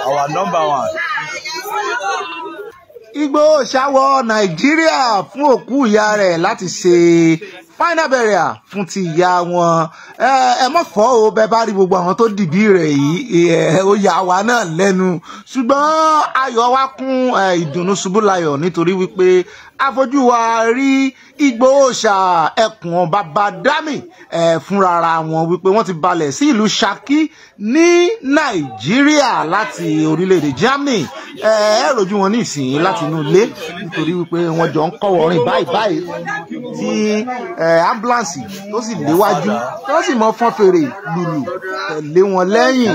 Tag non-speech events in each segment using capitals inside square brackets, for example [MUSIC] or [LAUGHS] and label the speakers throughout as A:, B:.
A: our number one.
B: Igbo ṣáwọ Nàìjíríà fún òkú ìyá rẹ̀ láti ṣe final barrier. fún ti ìyá wọn ẹ mọ̀ fọ́ o bẹ́ẹ̀ bá rí gbogbo àwọn tó dìbí rẹ̀ yìí ó yà wá náà lẹ́nu ṣùgbọ́n ayọ̀ wa kún ìdùnnú ṣubú nítorí wípé a rí. Ìgbòho ṣà ẹkùn bàbá dami ẹ fúnra wọn wípé wọ́n ti balẹ̀ sí ìlú Ṣakí ní Nàìjíríà láti orílẹ̀-èdè Germany ẹ ẹ rojú wọn ní ìsìn láti inú ilé nítorí wípé wọ́n jọ ń kọ́wọ́ rìn báyìí báyìí tí ẹ ambulance tó sì léwájú tó sì mọ fọ́n fèrè lùlù tẹ̀lé wọn lẹ́yìn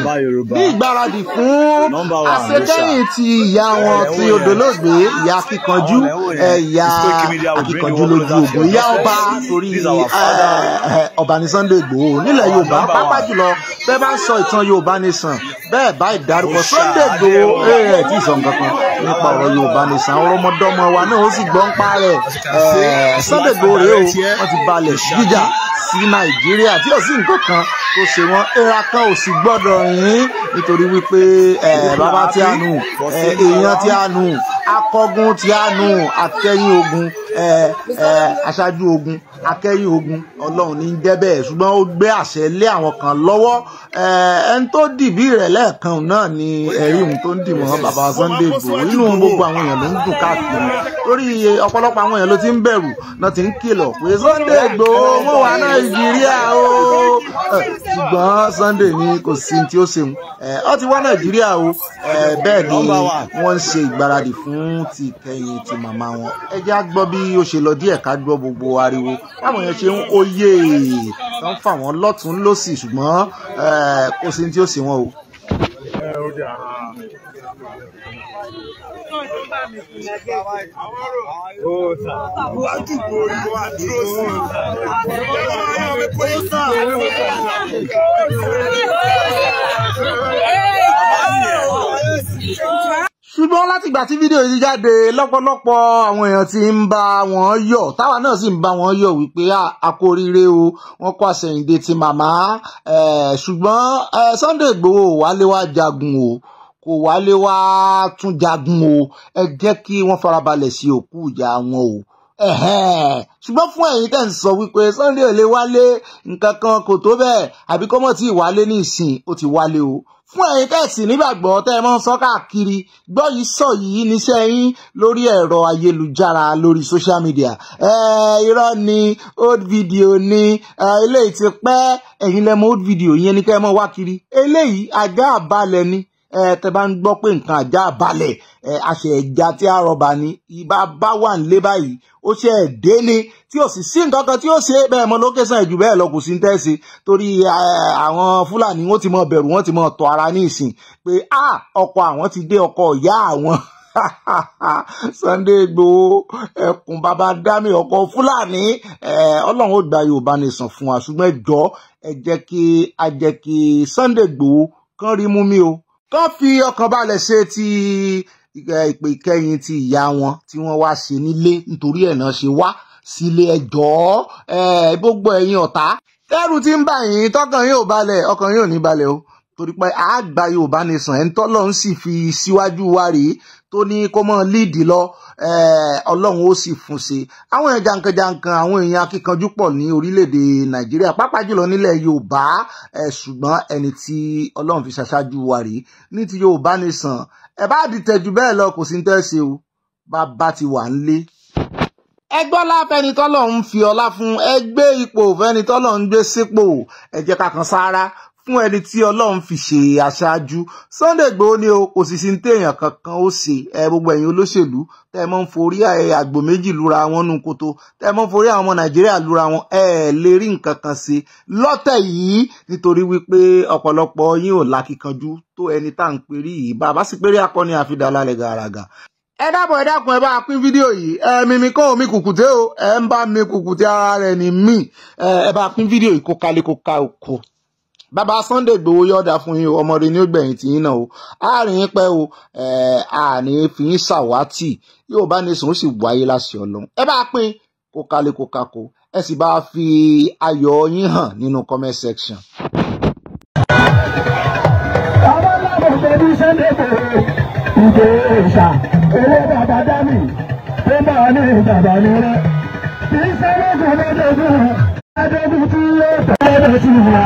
B: ní ìgbáradì fún àṣetẹ́yìn ti ìyá wọn tí odò lóògbé ìyá akíkanjú ẹ ìyá akíkanjú lójú ògùn ìyá ọba torí eh, ọba ní Sunday Igboho nílẹ̀ Yorùbá pápá jùlọ bẹ́ẹ̀ bá ń sọ ìtàn Yorùbá Nation bẹ́ẹ̀ bá ìdárúkọ Sunday Igboho ẹ̀ tí ìsọ̀ nǹkan kan nípa ọ̀rọ̀ Yorùbá Nation ọ̀rọ̀ ọmọdọ́mọ wa náà ó sì gbọ́ ń pa rẹ̀ eh, Sunday Igboho rèé o wọ́n ti balẹ̀ gíjà sí Nàìjíríà tí ò sí nǹkan kan tó ṣe wọn ẹra kan ò sì gbọ́dọ̀ yín nítorí wípé eh, bàbá tí a nù èèyàn tí a nù akọgun tí a nù àtẹ̀yìn ogun aṣáájú ogun akẹ́yìn ogun ọlọ́run ní jẹ́ bẹ́ẹ̀ ṣùgbọ́n ó gbé àṣẹ lé àwọn kan lọ́wọ́ ẹni tó dìbí rẹ̀ lẹ́ẹ̀kan náà ni ẹ̀rí ohun tó ń dì mọ́ bàbá Sunday Igboho inú gbogbo àwọn èèyàn ló ń dùn káàkiri lórí ọ̀pọ̀lọpọ̀ àwọn èèyàn ló ti ń bẹ̀rù náà ti ń kìlọ̀ pé Sunday Igboho wọn wà Nàìjíríà o ṣùgbọ́n Sunday ni kò sí tí ó ṣeun ọ ti wá Nàìjíríà o bẹ́ẹ̀ ni wọ́n ń ṣe ìgbáradì fún ti kẹyìn ti màmá wọn ẹ jẹ́ á gbọ́ bí ó ṣe lọ díẹ̀ ká gbọ́ gbogbo ariwo báwọn yẹn ṣe ń oyè tó ń fà wọ́n lọ́tún lọ́sì ṣùgbọ́n kò sí tí ó sì wọ́n o ṣùgbọ́n látìgbà tí fídíò yìí jáde lọ́pọ̀lọpọ̀ àwọn èèyàn ti ń bá wọn yọ̀ táwa náà sì ń bá wọn yọ̀ wípé àkóríire o wọn kó àsẹ̀yìndè ti màmá ṣùgbọ́n Sunday Igboho wálé wá jagun o kò wálé wá tún jagun o ẹ jẹ́ kí wọ́n farabalẹ̀ sí òkú ìyá wọn o ṣùgbọ́n fún ẹ̀yin tẹ̀ ń sọ wípé Sunday ò lè wálé nǹkan kan kò tó bẹ́ẹ̀ àbí kọ́mọ̀ tí ì wálé ní ìsìn ó ti wálé o fún ẹ̀yin tẹ̀sí nígbàgbọ́ tẹ́ ẹ mọ́ ń sọ káàkiri gbọ́ yìí sọ yìí níṣẹ́ yín lórí ẹ̀rọ ayélujára lórí social media irọ́ ni old video ni eléyìí ti pẹ́ ẹ̀yin lẹ́mọ old video yẹn ni kẹ́ ẹ mọ́ wá kiri eléyìí àgbà àbálẹ̀ ni ẹ tẹ bá ń gbọ́ pé nǹkan àjá balẹ̀ ẹ àṣẹ ẹja tí a rọba ni ìbá bá wà nílé báyìí ó ṣe ẹ dé ni tí ò sì sí nǹkan kan tí ó ṣe bẹ́ẹ̀ mọ lókèsàn ìjù bẹ́ẹ̀ lọ kò sí ń tẹsí torí àwọn fúlàní wọ́n ti mọ bẹ̀rù wọ́n ti mọ tọ ara ní ìsìn pé a ọkọ àwọn ti dé ọkọ ìyá àwọn. [LAUGHS] Sunday Igboho ẹkùn bàbá dami ọkọ fúlàní Ọlọ́run ó gba Yorùbá nìsàn fún wa ṣùgbọ́n ẹ jọ ẹ jẹ́ kí a jẹ́ kí Sunday Igboho kán rí mú mi o kán fi ọkàn balẹ̀ ṣe ti ìpè ìkẹyìn ti ìyá wọn tí wọ́n wá ṣe nílé nítorí ẹ̀ náà ṣe wá sílé ẹjọ́ gbogbo ẹ̀yin ọ̀tá tẹ́rù ti ń bà yín tọkàn yín ò balẹ̀ ọkàn yín ò ní balẹ̀ o torí pé àgbà yorùbá nation ẹni tọ́lọ́run sì fi síwájú wa rèé tó ní kó mọ́ líìdì lọ ọlọ́run ó sì fún ṣe àwọn èèyàn jankan-jankan àwọn èèyàn akíkanjú pọ̀ ní orílẹ̀-èdè nàìjíríà pàápàá jùlọ nílẹ̀ yorùbá ṣùgbọ́n ẹni tí ọlọ́run fi ṣaṣáájú wa rèé ní ti yorùbá nation ẹ bá dìtẹ̀jú bẹ́ẹ̀ lọ kò sí ní tẹ́sí o bàbá ti wà ń lé ẹgbọ́ ń fi ọlá fún ẹgbẹ́ ipò fẹ́ni ń gbé sípò ẹ jẹ́ sára fún ẹni tí ọlọ́run fi ṣe aṣáájú Sunday Igboho ni o kò sì sí téèyàn kankan ó ṣe ẹ gbogbo ẹ̀yin olóṣèlú tẹ́ ẹ mọ́ ń forí àgbò méjì lura wọn nù kótó tẹ́ ẹ mọ́ ń forí àwọn ọmọ Nàìjíríà lura wọn ẹ lè rí nǹkan kan ṣe lọ́tẹ̀ yìí nítorí wípé ọ̀pọ̀lọpọ̀ yín ò lákìkanjú tó ẹni tá à ń perí yìí bàbá sì perí akọni àfidà lálẹ́ gàràgà ẹ dábọ̀ ẹ dákun ẹ bá a pín fídíò yìí ẹ mímí kọ́ mi kùkùté ara rẹ̀ ní mí ẹ bá a pín fídíò yìí kó Baba Sunday Igboho yọ̀ọ̀dà fún yín ọmọ rẹ ní ó gbẹ̀yìn tì yín náà o àárín pẹ́ o àní fi yín ṣàwátì yóò bá ní sùn ó sì wáyé láṣẹ ọlọ́run ẹ bá pín kó kalẹ̀ kó ẹ sì bá fi ayọ̀ yín hàn nínú comment section.
C: àwọn ìṣà owó bàbá dá tó bá ní ìjàmbá mi kì í ṣe lóògùn lójoojúmọ́. Adébítí yóò tẹ̀lé bẹ́ẹ̀ sí wa.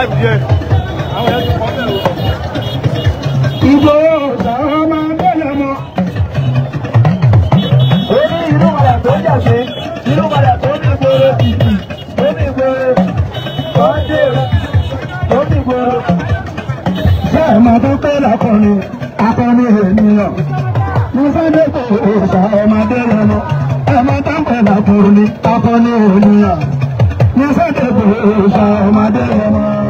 C: Ìgbòho ọ̀sán máa ń bẹ̀rẹ̀ mọ́. Orí inú padà tó jà sí, inú padà tó ní ìgboro, tó ní ìgboro, tó ń dèrò, tó ní ìgboro. Ṣé ẹ̀ máa tó pé lakọni, akọni ènìyàn? Mo fẹ́ dẹ́kun ọ̀sán ọmọdé rẹ̀ mọ́. Ẹ̀ máa tó pé lakọni, akọni ènìyàn? Mo fẹ́ dẹ́kun ọ̀sán ọmọdé rẹ̀ mọ́.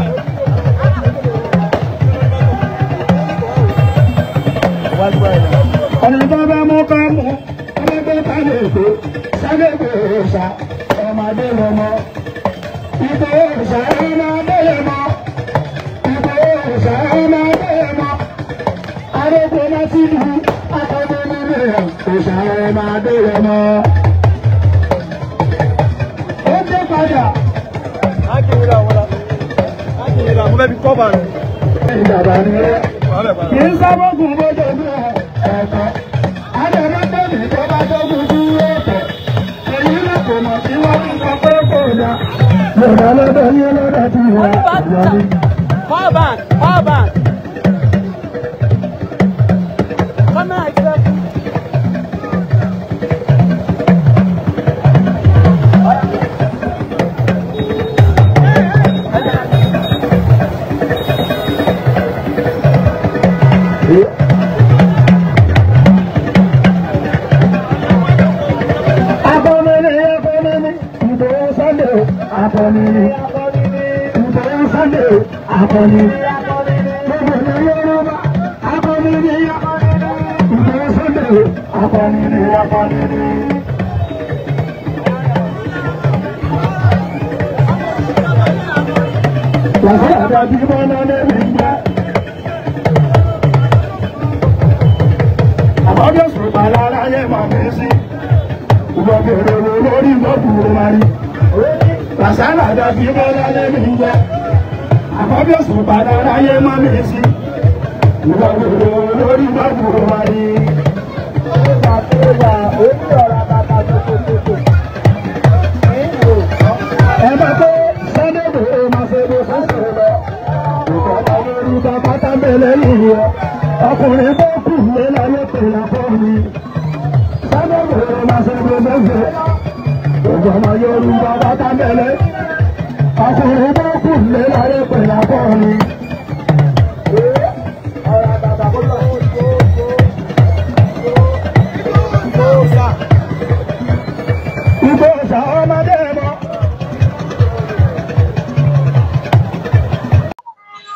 C: Right. Ọ̀gá lọ́dọ̀ ní ọlọ́dọ̀ akọni gbogbo ní yorùbá akọni ní ìgbẹ́ sunday akọni ní akọni ní. wàhálà àdájú mọ́ náà lẹ́nu ìgbẹ́.
A: àbájọ sùn padà
C: láyé màmí sí ìgbàgbọ́ èrò lórí ìgbàgbọ́ òmàrí. wàhálà àdájú mọ́ náà lẹ́nu ìgbẹ́ àkọ́bí òsùn padà ráyé má mi sí. Ìwà gbogbo lórí bá gbogbo wa ni. Ó ta tó wà ó.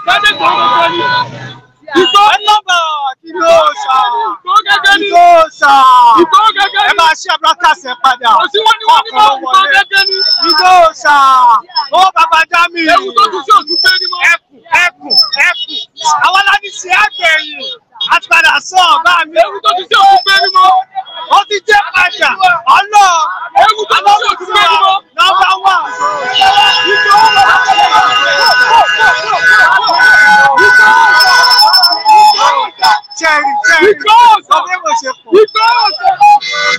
C: Gẹ́gẹ́ gbòó gbogbo
D: ni. Ìgbó lọ́bà ìgbó ṣà. Ìgbó gẹ́gẹ́ ni. Ìgbó ṣà. Ìgbó gẹ́gẹ́ ni. Ẹ máa ṣe abúlákàsì ẹ padà. Kò sí wọ́n ní wọ́n ní bá ìgbó gẹ́gẹ́ ni. Ìgbó ṣà. Ó bàbá já mi. Ewu tó tún sí òtún gbé ní mọ́. Ẹkùn ẹkùn ẹkùn. Àwọn aláàbí ṣe àgbẹ̀yìn. Àtìpadà sọ̀ bá mi. Ewu tó tún sí òtún gbé ní mọ́ wọ́n ti jẹ́ padà ọlọ́ ewu tó lọ́wọ́ tó lọ́wọ́ tó nọ́mbà wà. Ìjọ ọlọ́wọ́ tó lọ́wọ́
A: tó lọ́wọ́ tó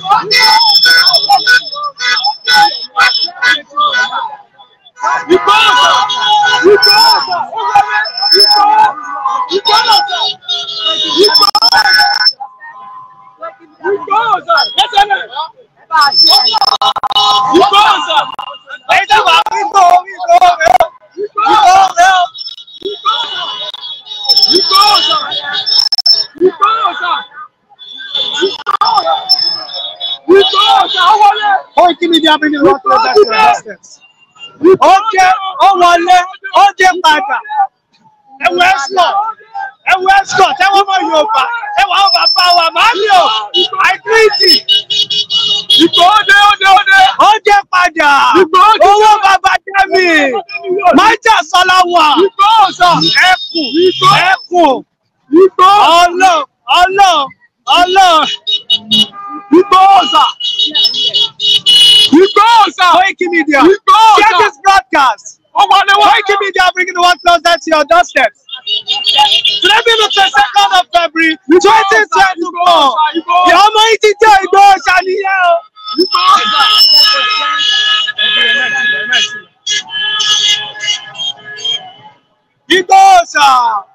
A: lọ́wọ́
D: bringing a lot of investors. investors. Ó jẹ́ ó wọlé ó jẹ́ padà. Ẹ̀wù Escort Ẹ̀wù Escort ẹ̀wọ̀n mọ̀ Yorùbá ẹ̀wọ̀n àwọn bàbá wa máa ń lò àìkírìtì. Ìgbò ódé ódé ódé. Ó jẹ́ padà. Ìgbò ódé owó bàbá Jẹ́mi. Májà Sọláwà. Ìgbò òsà. Ẹkùn ẹkùn. Ìgbò ọlọ́ ọlọ́ ọlọ́. Ìgbò òsà. Igbohosa. Koiki Media. Igbohosa. Get this broadcast. Oh, Media bringing the one closer to your doorstep. Today being the 22nd of February, 2024. The Almighty Joe Igbohosa ni yẹ́ o. Igbohosa. Igbohosa.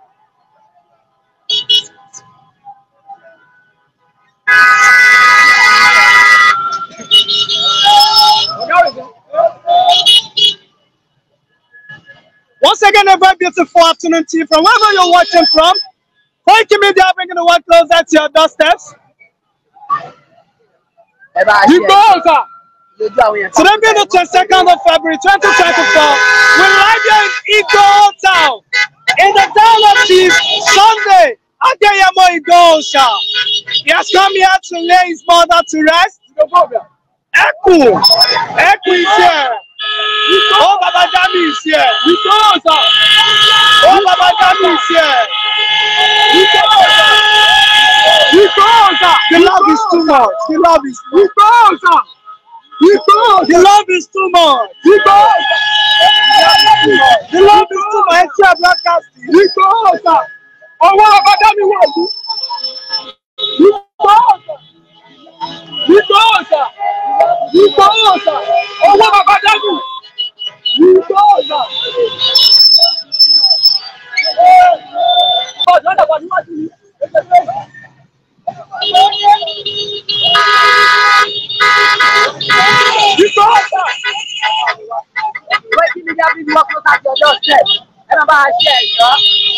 D: Once again, a very beautiful afternoon tea from wherever you're watching from. Thank you, Media bringing the world closer to your doorsteps. Igbo Oza. Today being the 22nd of February 2024, we're live here in Igbo Town, in the town of Chief, Sunday, Akeyemo Igbo Oza. He has come here to lay his mother to rest. Echo. Echo. is here ó bàbá jami ìsì ẹ ó bàbá jami ìsì ẹ. The love is too much. The love is too much. The love is too much. The love is too much. Ẹ ṣe àbúrò kásì. Ọwọ́ ọba dá mi wọ̀ ìgbọ́ òòṣà ìgbọ́ òòṣà owó bàbá dẹ́kun ìgbọ́ òòṣà. ọ̀dọ́ dàgbà níwájú mi ẹgbẹ́ fẹ́. ìgbọ́ wọ́n kó ká jọ ọjọ́ ẹ máa bá a ṣe ẹ̀ṣọ́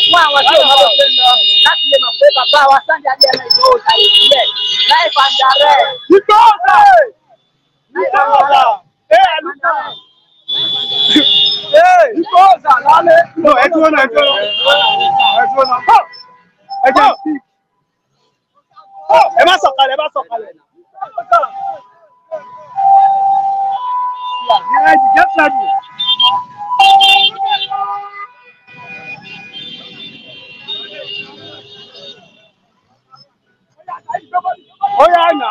D: fún àwọn tí ò mọ́ bó ṣe lọ láti lè mọ̀ pé bàbá wa Sunday Adéyẹmọ Ìgbòho ṣàyè sílẹ̀ láì fàǹdà rẹ̀. ìtọ́ọ̀dà ìtọ́ọ̀dà ẹ ẹlúkà ẹ ìtọ́ọ̀dà lálẹ́. ẹ dúró náà ẹ dúró náà ẹ dúró náà ẹ jẹ́ kí ẹ má sọ̀kalẹ̀ ẹ má sọ̀kalẹ̀. Yeah, yeah, definitely. ó yà ànà.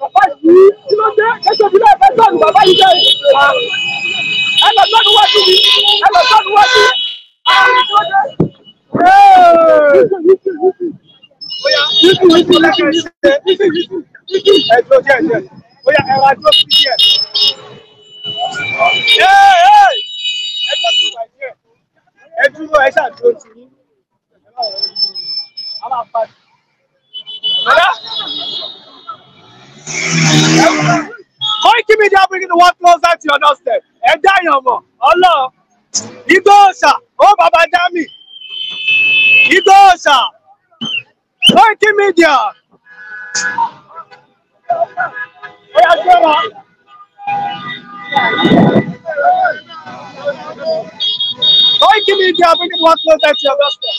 D: bàbá yìí kí ló dé ẹsẹ̀ mi náà fẹ́ sọ̀rọ̀ bàbá yìí dẹ́ ẹ lọ sọ́dún wájú mi ẹ lọ sọ́dún wájú ah, ẹ dúró ẹ ṣàdúró tì í. Koiki Media bringing the one closer to your doorstep. Ẹ dá yàn mọ̀, ọlọ́ọ̀. Igbó òòṣà, ó bàbá dá mi. Igbó òòṣà. Koiki Media. Oya gbé wọn. bringing the one closer to your doorstep.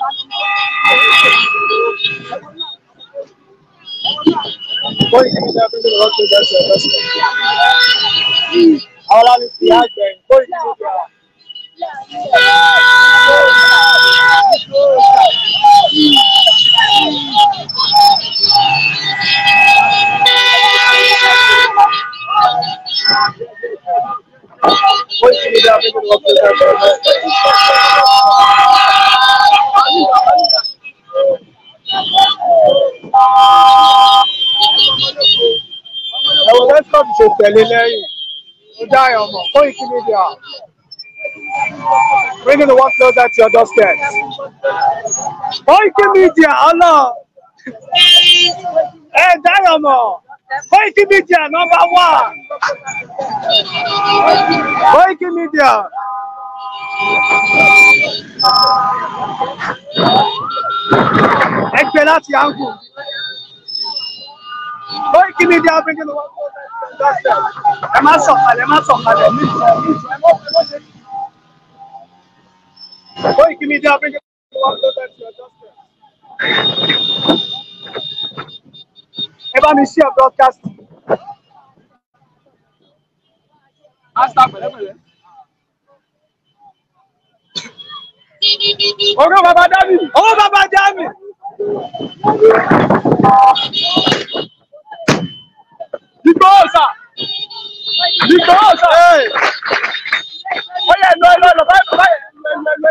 D: कोई नहीं था अपने बहुत कुछ ऐसे बस हवाला इतिहास है कोई नहीं था Westcott ṣe tẹ̀lé lẹ́yìn Ojai ọmọ Koiki Media bringing the world closer to your doorstep. Koiki Media ọ̀nà ẹ Ojai ọmọ Koiki Media number one Koiki Media. Ẹgbẹ́ láti Angu. Koiki Media bringing the world ẹ má sọ̀kalẹ̀ ẹ má sọ̀kalẹ̀ mí ìtọ́ mí ìtọ́ ẹ má ṣe má ṣe. ó yìí mi dé abéjọ tó wà lọ́dọ̀ mi ṣí ẹ broadcast. Master pẹ̀lẹ́pẹ̀lẹ́. Oró bàbá Dámì. Oró bàbá Dámì. Igboho Ọ̀ṣà Igboho Ọ̀ṣà ó yẹ lọ lọ lọ báyìí báyìí lọ lọ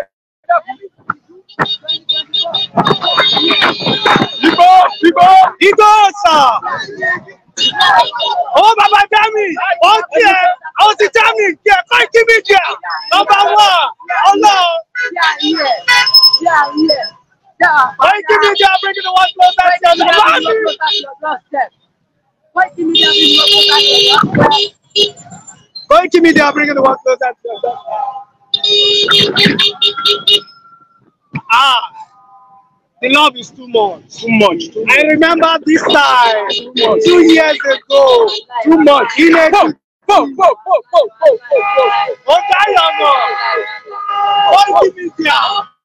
D: Igboho Igboho Igboho Ọ̀ṣà ó bàbá jami ó tiẹ ó ti jami tiẹ fún kíbi tiẹ ọba wà ọlọ. Fún kíbi tiẹ bring the one closer to the
A: one. Koiki
D: Media bringing the world closer
A: to your doorstep.
D: Ah, the love is too much. Too much. Too much. I remember this time two years ago. Too much. In a go, go, go, go, go, go, go, go. Ọ̀gá yọ̀ngàn. Koiki Media.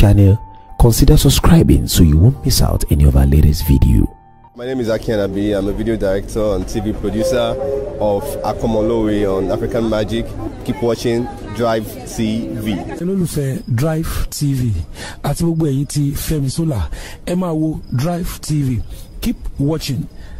B: channel, consider subscribing so you won't miss out any of our latest video.
C: My name is Akian Abi. I'm a video director and TV producer of Akomolowe on African Magic. Keep watching Drive TV.
B: olólùfẹ́ Drive TV àti gbogbo ẹ̀yin tí Fẹ́mi Sola Drive TV. Keep watching.